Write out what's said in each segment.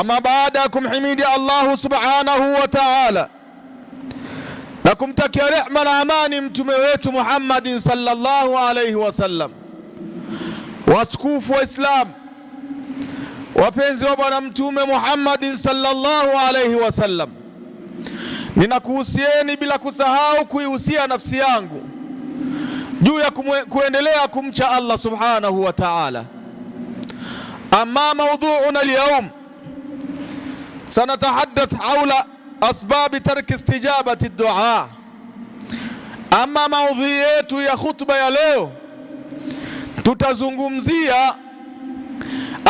Ama baada ya kumhimidi Allahu subhanahu wa ta'ala na kumtakia rehma na amani mtume wetu Muhammadin sallallahu alayhi wasallam, watukufu wa Islam, wapenzi wa bwana mtume Muhammadin sallallahu alayhi wasallam, ninakuhusieni bila kusahau kuihusia nafsi yangu juu ya kuendelea kumcha Allah subhanahu wa ta'ala. Amma maudhuuna lyaum sanatahaddath haula asbabi tarki istijabati duaa. Ama maudhi yetu ya khutba ya leo tutazungumzia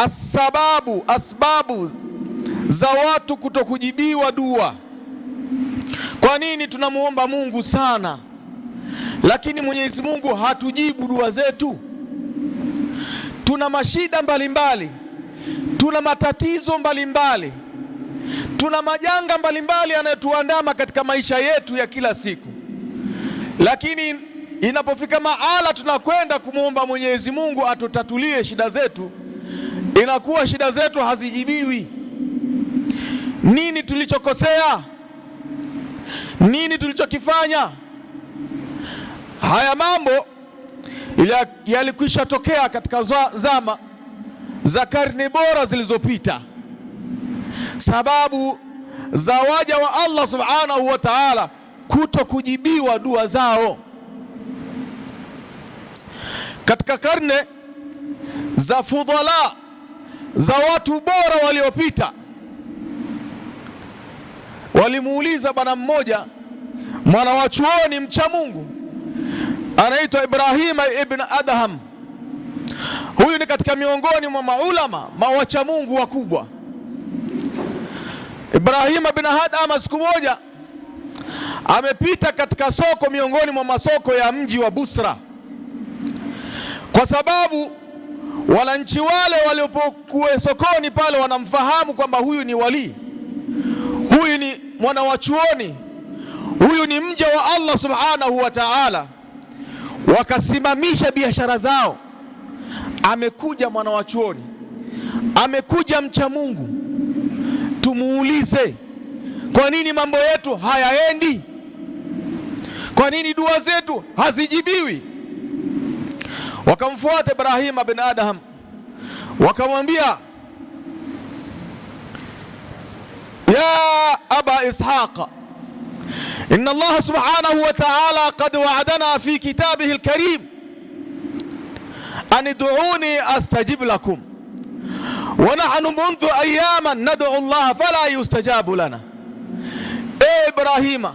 asbabu, asbabu za watu kutokujibiwa dua. Kwa nini tunamwomba Mungu sana lakini Mwenyezi Mungu hatujibu dua zetu? Tuna mashida mbalimbali mbali. Tuna matatizo mbalimbali mbali. Tuna majanga mbalimbali yanayotuandama katika maisha yetu ya kila siku, lakini inapofika mahala tunakwenda kumwomba Mwenyezi Mungu atutatulie shida zetu, inakuwa shida zetu hazijibiwi. Nini tulichokosea? Nini tulichokifanya? Haya mambo yalikwisha tokea katika zama za karne bora zilizopita sababu za waja wa Allah subhanahu wa ta'ala kuto kujibiwa dua zao katika karne za fudhala za watu bora waliopita. Walimuuliza bwana mmoja mwana wa chuoni mcha Mungu anaitwa Ibrahima ibn Adham. Huyu ni katika miongoni mwa maulama mawacha Mungu wakubwa Ibrahima bin Adham siku moja amepita katika soko miongoni mwa masoko ya mji wa Busra, kwa sababu wananchi wale waliopokuwa sokoni pale wanamfahamu kwamba huyu ni walii, huyu ni mwana wa chuoni, huyu ni mja wa Allah subhanahu wa ta'ala. Wakasimamisha biashara zao, amekuja mwana wa chuoni, amekuja mcha Mungu tumuulize, kwa nini mambo yetu hayaendi? Kwa nini dua zetu hazijibiwi? Wakamfuata ibrahim bin Adham, wakamwambia ya aba Ishaq, inna Allah subhanahu wa ta'ala qad wa'adana fi kitabihi al-karim an ad'uni astajib lakum nahnu mundhu ayama nadu llaha fala yustajabu lana. E Ibrahima,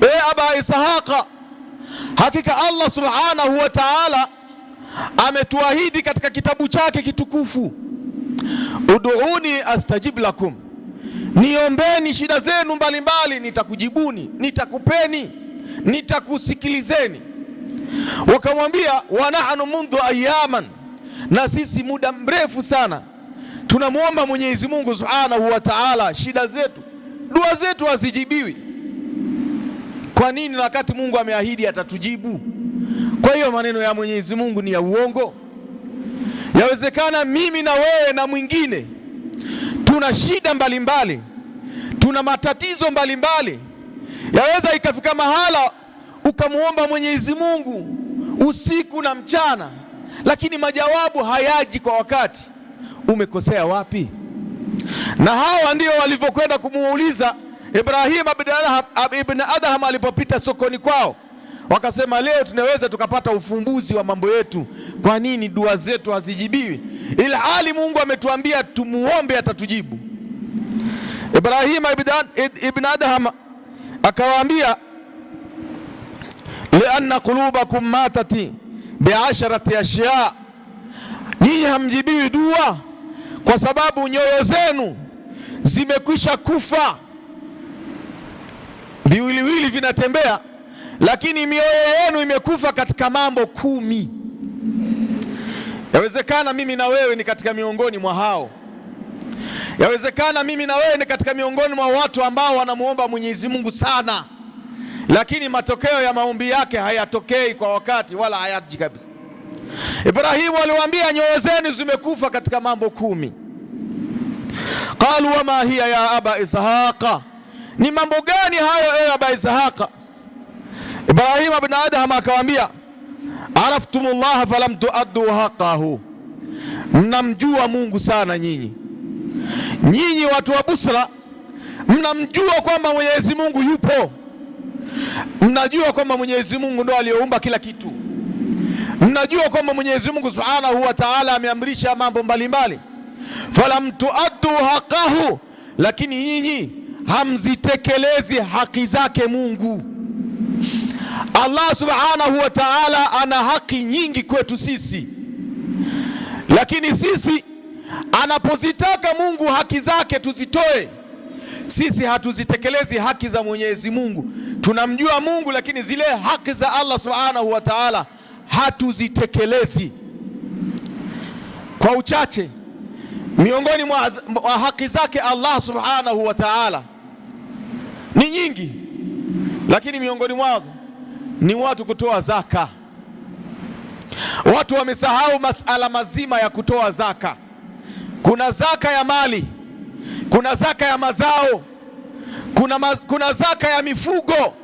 e aba Ishaqa, hakika Allah subhanahu wa taala ametuahidi katika kitabu chake kitukufu, uduni astajib lakum, niombeni shida zenu mbalimbali, nitakujibuni, nitakupeni, nitakusikilizeni. Wakamwambia nahnu mundhu ayaman na sisi muda mrefu sana tunamwomba Mwenyezi Mungu Subhanahu wa Ta'ala, shida zetu, dua zetu hazijibiwi. Kwa nini? Na wakati Mungu ameahidi atatujibu. Kwa hiyo maneno ya Mwenyezi Mungu ni ya uongo. Yawezekana mimi na wewe na mwingine tuna shida mbalimbali mbali, tuna matatizo mbalimbali mbali. Yaweza ikafika mahala ukamwomba Mwenyezi Mungu usiku na mchana lakini majawabu hayaji kwa wakati, umekosea wapi? Na hawa ndio walivyokwenda kumuuliza Ibrahim ibn Adham alipopita sokoni kwao, wakasema leo tunaweza tukapata ufumbuzi wa mambo yetu. Kwa nini dua zetu hazijibiwi, ila ali Mungu ametuambia tumuombe atatujibu? Ibrahim ibn Adham akawaambia lianna qulubakum matati biasharati ashya, nyinyi hamjibiwi dua kwa sababu nyoyo zenu zimekwisha kufa. Viwiliwili vinatembea, lakini mioyo yenu imekufa katika mambo kumi. Yawezekana mimi na wewe ni katika miongoni mwa hao. Yawezekana mimi na wewe ni katika miongoni mwa watu ambao wanamuomba Mwenyezi Mungu sana lakini matokeo ya maombi yake hayatokei kwa wakati wala hayaji kabisa. Ibrahimu aliwaambia nyoyo zenu zimekufa katika mambo kumi. Qalu wama hiya ya aba Ishaqa, ni mambo gani hayo ewe aba Ishaqa? Ibrahimu bin Adham akawaambia araftumullaha falam tuaddu haqqahu, mnamjua Mungu sana nyinyi, nyinyi watu wa Busra mnamjua kwamba Mwenyezi Mungu yupo Mnajua kwamba Mwenyezi Mungu ndo aliyoumba kila kitu. Mnajua kwamba Mwenyezi Mungu Subhanahu wa Ta'ala ameamrisha mambo mbalimbali, falam tuaddu haqahu, lakini nyinyi hamzitekelezi haki zake Mungu. Allah Subhanahu wa Ta'ala ana haki nyingi kwetu sisi, lakini sisi anapozitaka Mungu haki zake tuzitoe sisi hatuzitekelezi haki za Mwenyezi Mungu. Tunamjua Mungu, lakini zile haki za Allah Subhanahu wa Ta'ala hatuzitekelezi. Kwa uchache miongoni mwa haki zake Allah Subhanahu wa Ta'ala ni nyingi, lakini miongoni mwazo ni watu kutoa zaka. Watu wamesahau masala mazima ya kutoa zaka. Kuna zaka ya mali kuna zaka ya mazao, kuna, maz, kuna zaka ya mifugo.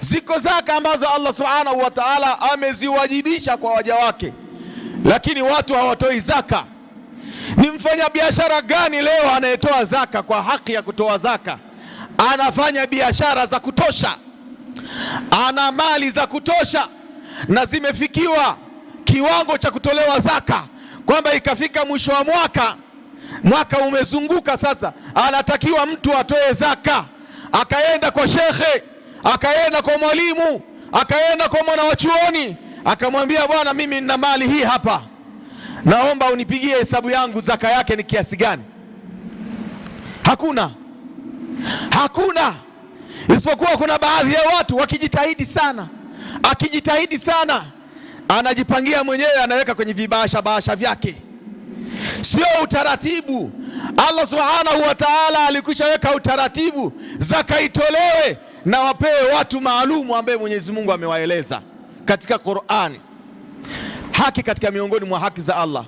Ziko zaka ambazo Allah subhanahu wa ta'ala ameziwajibisha kwa waja wake, lakini watu hawatoi zaka. Ni mfanyabiashara gani leo anayetoa zaka kwa haki ya kutoa zaka? Anafanya biashara za kutosha, ana mali za kutosha na zimefikiwa kiwango cha kutolewa zaka, kwamba ikafika mwisho wa mwaka Mwaka umezunguka sasa, anatakiwa mtu atoe zaka, akaenda kwa shekhe, akaenda kwa mwalimu, akaenda kwa mwana wa chuoni, akamwambia bwana, mimi nina mali hii hapa, naomba unipigie hesabu yangu, zaka yake ni kiasi gani? Hakuna, hakuna, isipokuwa kuna baadhi ya watu wakijitahidi sana, akijitahidi sana, anajipangia mwenyewe, anaweka kwenye vibahasha bahasha vyake sio utaratibu. Allah subhanahu wa taala alikwisha weka utaratibu, zaka itolewe na wapewe watu maalumu ambaye Mwenyezi Mungu amewaeleza katika Qur'ani. Haki katika miongoni mwa haki za Allah,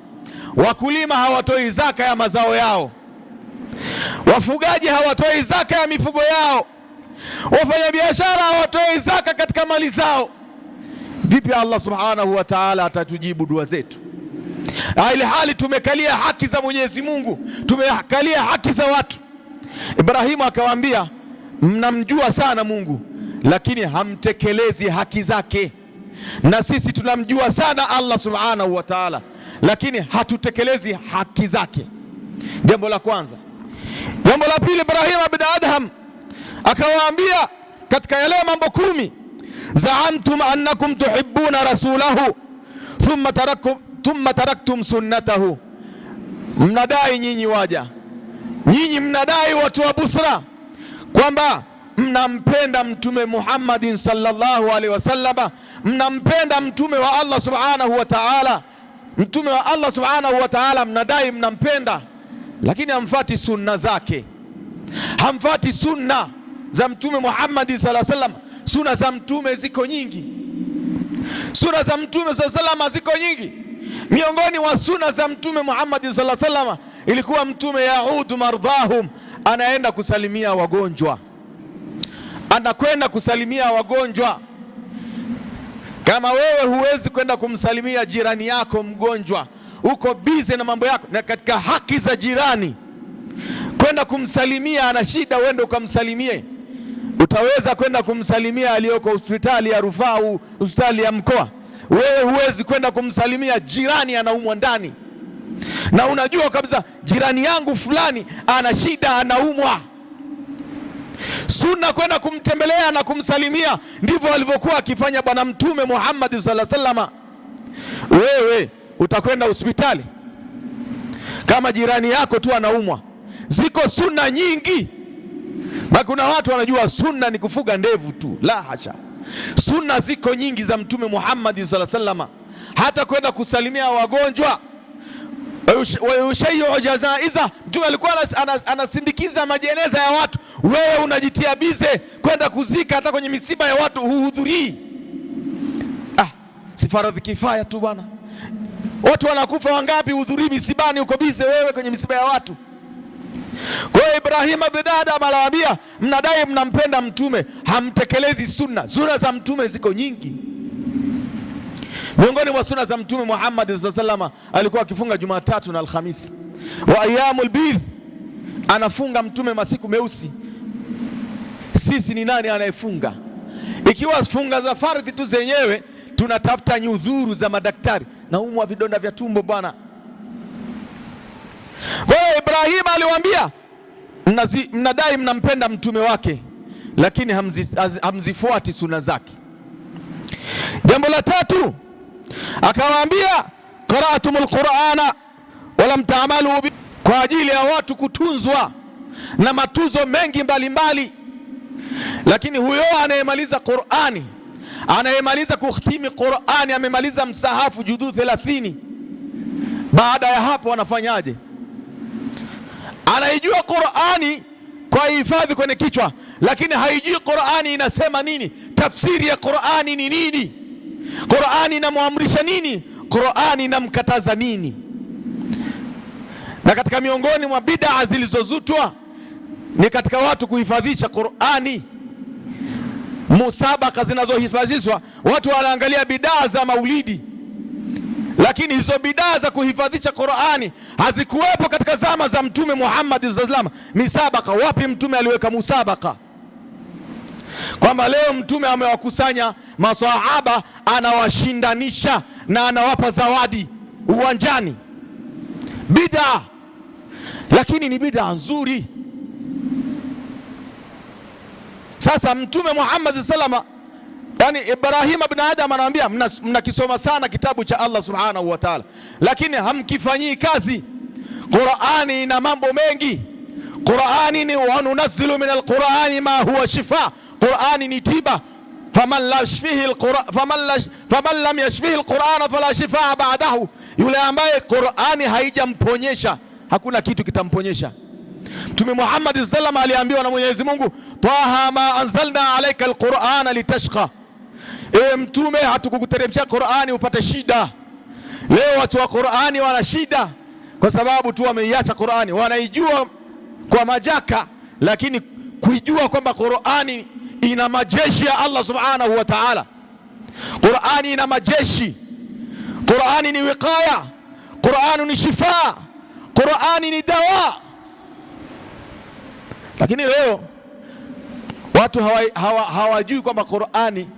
wakulima hawatoi zaka ya mazao yao, wafugaji hawatoi zaka ya mifugo yao, wafanyabiashara hawatoi zaka katika mali zao. Vipi Allah subhanahu wa taala atatujibu dua zetu? Ah, ili hali tumekalia haki za Mwenyezi Mungu, tumekalia haki za watu. Ibrahimu akawaambia, mnamjua sana Mungu lakini hamtekelezi haki zake, na sisi tunamjua sana Allah subhanahu wa taala, lakini hatutekelezi haki zake. Jambo la kwanza. Jambo la pili, Ibrahimu bin Adham akawaambia katika yale mambo kumi, zaamtum annakum tuhibbuna rasulahu thumma tarakum thumma taraktum sunnatahu, mnadai nyinyi waja nyinyi mnadai watu wa Busra kwamba mnampenda Mtume Muhammadin sallallahu alaihi wasallama, mnampenda mtume wa Allah subhanahu wa ta'ala, mtume wa Allah subhanahu wa ta'ala mnadai mnampenda, lakini hamfati sunna zake, hamfati sunna za Mtume Muhammadin sallallahu alaihi wasallam. Sunna za mtume ziko nyingi, sunna za mtume sallallahu alaihi wasallam ziko nyingi Miongoni mwa suna za Mtume Muhammad sallallahu alaihi wasallam ilikuwa Mtume yaudu mardhahum, anaenda kusalimia wagonjwa, anakwenda kusalimia wagonjwa. Kama wewe huwezi kwenda kumsalimia jirani yako mgonjwa, uko bize na mambo yako, na katika haki za jirani kwenda kumsalimia, ana shida, uende ukamsalimie. Utaweza kwenda kumsalimia aliyoko hospitali ya rufaa, hospitali ya mkoa wewe huwezi kwenda kumsalimia jirani anaumwa ndani, na unajua kabisa jirani yangu fulani ana shida, anaumwa. Sunna kwenda kumtembelea na kumsalimia, ndivyo alivyokuwa akifanya Bwana Mtume Muhammad sallallahu alaihi wasallam. Wewe utakwenda hospitali kama jirani yako tu anaumwa? Ziko sunna nyingi, bali kuna watu wanajua sunna ni kufuga ndevu tu, la hasha. Sunna ziko nyingi za Mtume Muhammad sallallahu alaihi wasallam, hata kwenda kusalimia wagonjwa wayushaiu jazaiza. Mtume alikuwa anasindikiza majeneza ya watu, wewe unajitia bize kwenda kuzika, hata kwenye misiba ya watu huhudhurii. Ah, si faradhi kifaya tu bwana, watu wanakufa wangapi? Hudhurii misibani, uko bize wewe kwenye misiba ya watu. Kwa hiyo Ibrahimu bin Adam anawaambia, mnadai mnampenda mtume, hamtekelezi sunna. Sunna za mtume ziko nyingi. Miongoni mwa sunna za mtume Muhammad sallallahu alaihi wasallam alikuwa akifunga Jumatatu na Alhamisi wa ayamu bidh, anafunga mtume masiku meusi. Sisi ni nani anayefunga? Ikiwa funga za fardhi tu zenyewe tunatafuta nyudhuru za madaktari, naumwa vidonda vya tumbo bwana kwa hiyo Ibrahimu aliwaambia mnazi, mnadai mnampenda mtume wake lakini hamzi, hamzifuati suna zake. Jambo la tatu akawaambia qara'tumul Qur'ana walam taamalu kwa ajili ya watu kutunzwa na matuzo mengi mbalimbali mbali. Lakini huyo anayemaliza Qur'ani anayemaliza kuhtimi Qur'ani amemaliza msahafu juzuu 30 baada ya hapo anafanyaje? anaijua Qurani kwa hifadhi kwenye kichwa, lakini haijui Qurani inasema nini, tafsiri ya Qurani ni nini, Qurani inamwamrisha nini, Qurani inamkataza nini. Na katika miongoni mwa bidaa zilizozutwa ni katika watu kuhifadhisha Qurani, musabaka zinazohifadhishwa, watu wanaangalia bidaa za maulidi lakini hizo bidaa za kuhifadhisha Qur'ani hazikuwepo katika zama za Mtume Muhammad sallallahu alaihi wasallam. Misabaka wapi? Mtume aliweka musabaka kwamba leo Mtume amewakusanya masahaba, anawashindanisha na anawapa zawadi uwanjani. Bidaa, lakini ni bidaa nzuri. Sasa Mtume Muhammad sallallahu alaihi wasallam Yaani Ibrahim ibn Adam anawaambia mnakisoma mna sana kitabu cha Allah subhanahu wa ta'ala, lakini hamkifanyii kazi. Qur'ani ina mambo mengi. Qur'ani ni wanunazzilu min alqur'ani ma huwa shifa, Qur'ani ni tiba. Faman la yashfihi alqur'an faman la faman lam yashfihi alqur'ana fala shifa ba'dahu, yule ambaye Qur'ani haijamponyesha hakuna kitu kitamponyesha. Mtume Muhammad sallallahu alayhi wasallam aliambiwa na Mwenyezi Mungu, Taha ma anzalna alayka alqur'ana litashqa Ewe Mtume, hatukukuteremshia Qur'ani upate shida. Leo watu wa Qur'ani wana shida kwa sababu tu wameiacha Qur'ani. Wanaijua kwa majaka, lakini kuijua kwamba Qur'ani ina majeshi ya Allah subhanahu wa ta'ala. Qur'ani ina majeshi. Qur'ani ni wiqaya, Qur'ani ni shifaa, Qur'ani ni dawa. Lakini leo watu hawajui hawa, hawa kwamba Qur'ani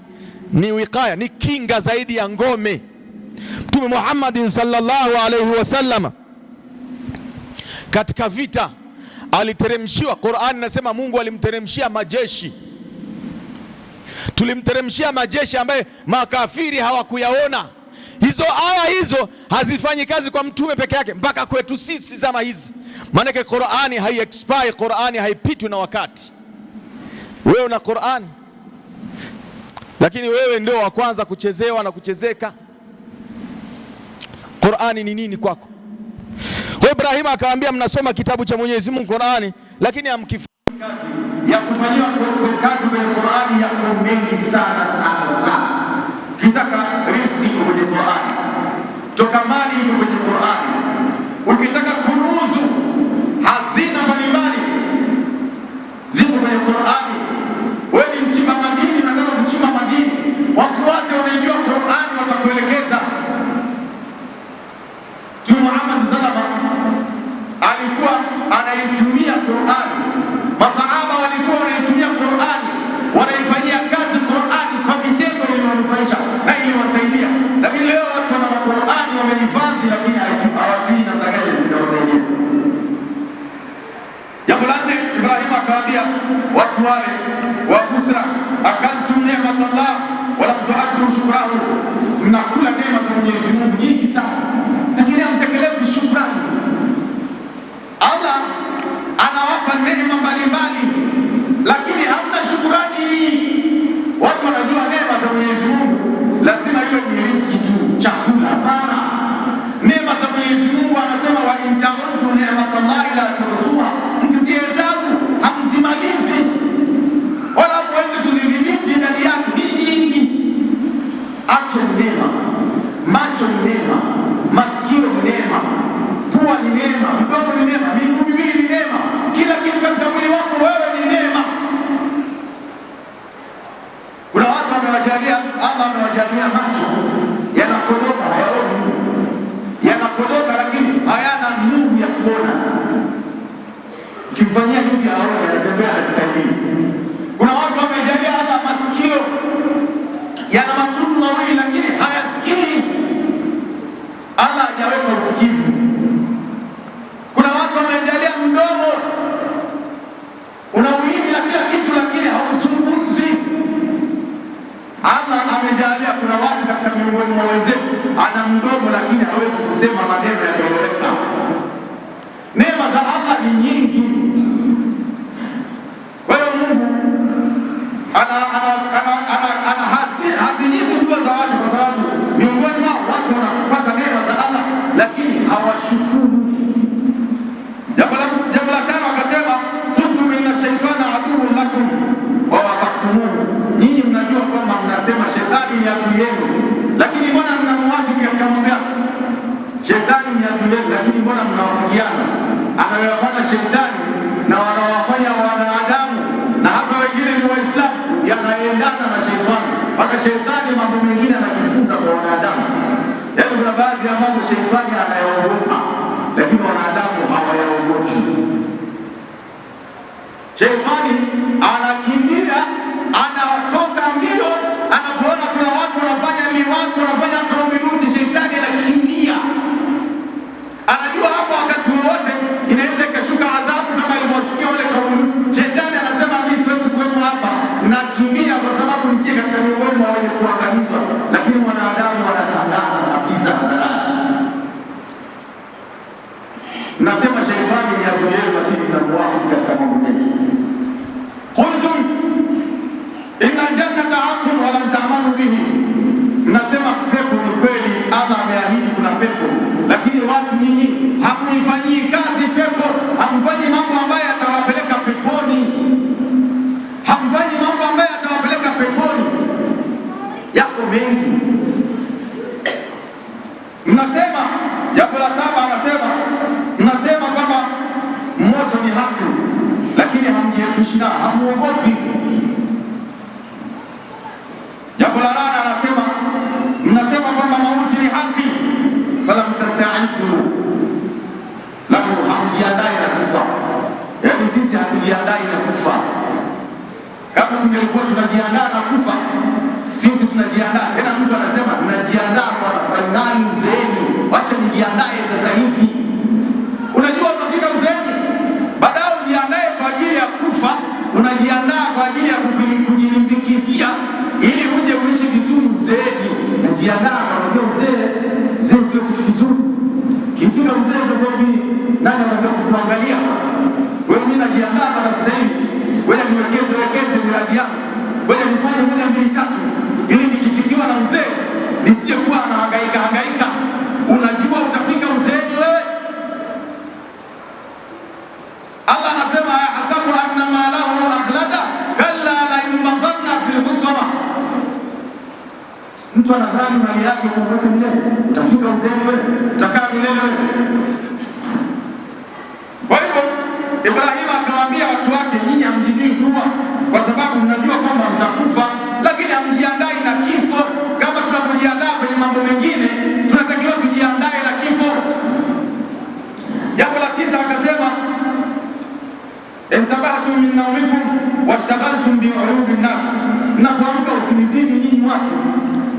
ni wikaya, ni kinga zaidi ya ngome. Mtume Muhammad sallallahu alayhi wasallam katika vita aliteremshiwa, Qur'an nasema Mungu alimteremshia majeshi, tulimteremshia majeshi ambaye makafiri hawakuyaona. Hizo aya hizo hazifanyi kazi kwa mtume peke yake, mpaka kwetu sisi zama hizi, maanake Qur'ani hai expire, Qur'ani haipitwi na wakati. Wewe una Qur'ani lakini wewe ndio wa kwanza kuchezewa na kuchezeka. Qurani ni nini kwako? Kwa Ibrahim akawaambia, mnasoma kitabu cha Mwenyezi Mungu Qurani, lakini hamkifu ya kufanyia kazi kwenye Qurani ya mengi sana sana sana. Ukitaka riziki kwenye Qurani, toka mali kwenye Qurani, ukitaka Bismillah. вдвойне hamuogopi. Jambo la nane anasema, mnasema kwamba mauti ni haki, falam tastaidu lahu, hamjiandai na kufa. Yaani sisi hatujiandai na kufa. Kama tungelikuwa tunajiandaa na kufa, sisi tunajiandaa tena. Mtu anasema najiandaa kwa fainali, uzeeni, wacha nijiandae sasa miradi yangu wenye kufanya moja mbili tatu, ili nikifikiwa na mzee nisije kuwa anahangaika hangaika. Unajua utafika uzeeni wewe. Allah anasema yahasabu anna malahu akhlada kalla la layumbadhanna fil hutama. Mtu anadhani mali yake kumweka mle, utafika uzeeni wewe na kuamka usingizini nyinyi watu,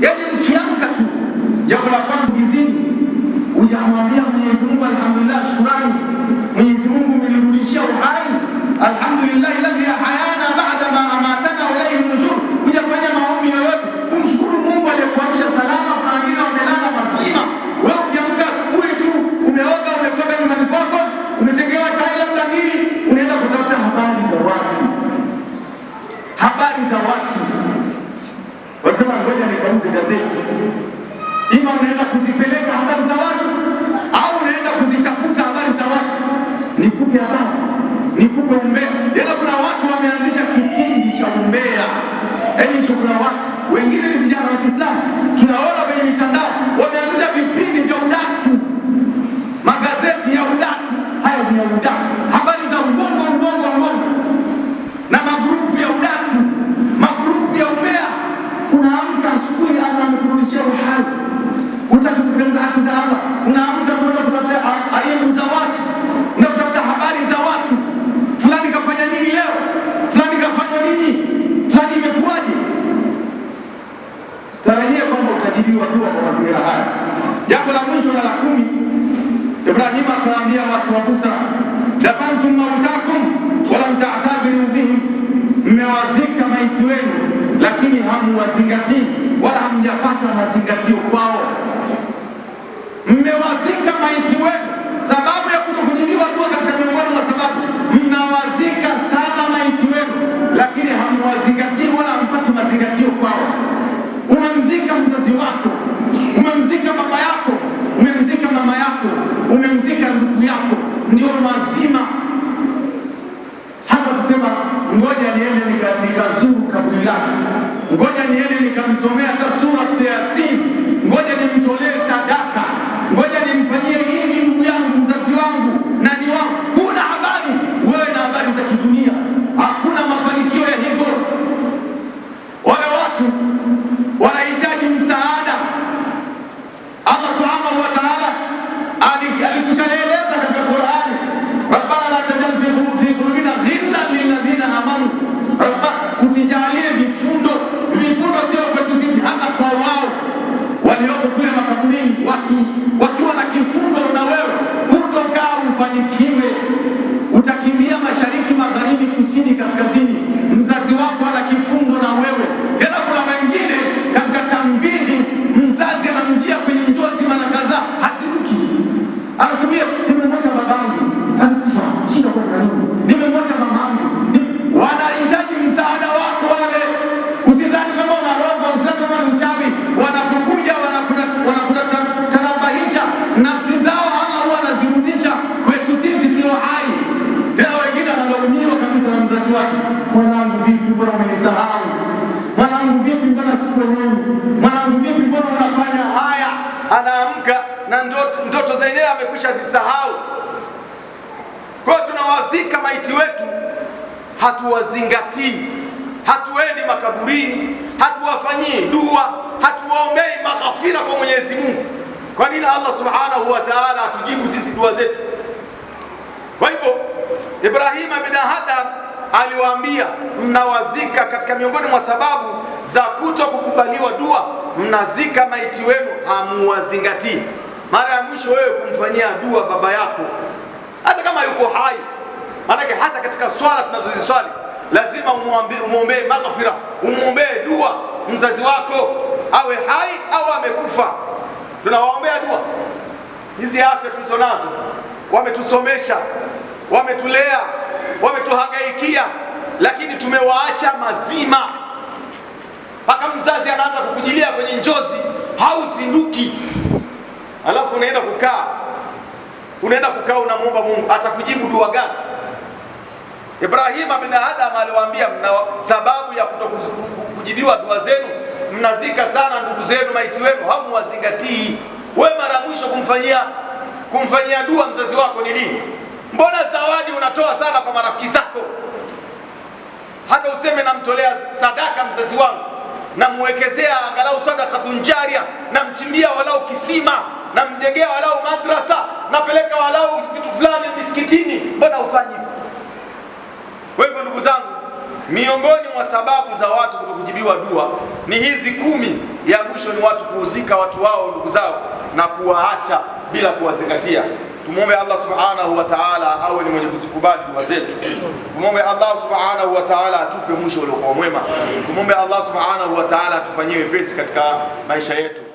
yaani mkiamka tu, jambo la kwanza usingizini, ujamwambia Mwenyezi Mungu alhamdulillah, shukurani kuna watu wengine ni vijana wa Kiislamu tunaona kwenye mitandao wameanzisha vipindi vya udaku, magazeti ya udaku. Haya ni ya udaku, habari za uongo, uongo, uongo na magrupu ya udaku, magrupu ya umbea. Unaamka asubuhi, Allah amekurudishia uhai, utaki haki za Allah. Unaamka kwenda kutafuta ah, aibu za watu katika haya. Jambo la mwisho na la kumi, ibrahimu akawaambia watu wa Musa, dafantum mautakum walam ta'tabiru bihim, mmewazika maiti wenu lakini hamuwazingatii wala hamjapata mazingatio ngoja niende nikazuru kaburi lake, ngoja niende nikamsomea hata sura Yasin, ngoja nimtolee sadaka, ngoja nimfanyie ameshazisahau. Kwa hiyo tunawazika maiti wetu, hatuwazingatii, hatuendi makaburini, hatuwafanyii dua, hatuwaombei maghafira kwa Mwenyezi Mungu. Kwa nini Allah subhanahu wa taala atujibu sisi dua zetu? Kwa hivyo Ibrahima bin Adham aliwaambia mnawazika, katika miongoni mwa sababu za kuto kukubaliwa dua, mnazika maiti wenu hamuwazingatii mara ya mwisho wewe kumfanyia dua baba yako, hata kama yuko hai. Maanake hata katika swala tunazoziswali lazima umwombee maghfira, umwombee dua mzazi wako, awe hai au amekufa. Tunawaombea dua. Hizi afya tulizo nazo, wametusomesha, wametulea, wametuhangaikia, lakini tumewaacha mazima mpaka mzazi anaanza kukujilia kwenye njozi, hauzinduki alafu unaenda kukaa unaenda kukaa unamwomba Mungu, atakujibu dua gani? Ibrahima bin Adam aliwaambia, mna sababu ya kutokujibiwa dua zenu, mnazika sana ndugu zenu, maiti wenu hamuwazingatii. We mara mwisho kumfanyia kumfanyia dua mzazi wako ni lini? Mbona zawadi unatoa sana kwa marafiki zako, hata useme namtolea sadaka mzazi wangu, namwekezea angalau sadakatun jaria, namchimbia walau kisima namjengea walau madrasa, napeleka walau kitu fulani misikitini, mbona ufanyi hivyo? Kwa hivyo ndugu zangu, miongoni mwa sababu za watu kutokujibiwa dua ni hizi kumi. Ya mwisho ni watu kuuzika watu wao ndugu zao na kuwaacha bila kuwazingatia. Tumwombe Allah subhanahu wa taala awe ni mwenye kuzikubali dua zetu. Tumwombe Allah subhanahu wa taala atupe mwisho uliokuwa mwema. Tumwombe Allah subhanahu wa taala atufanyie wepesi katika maisha yetu.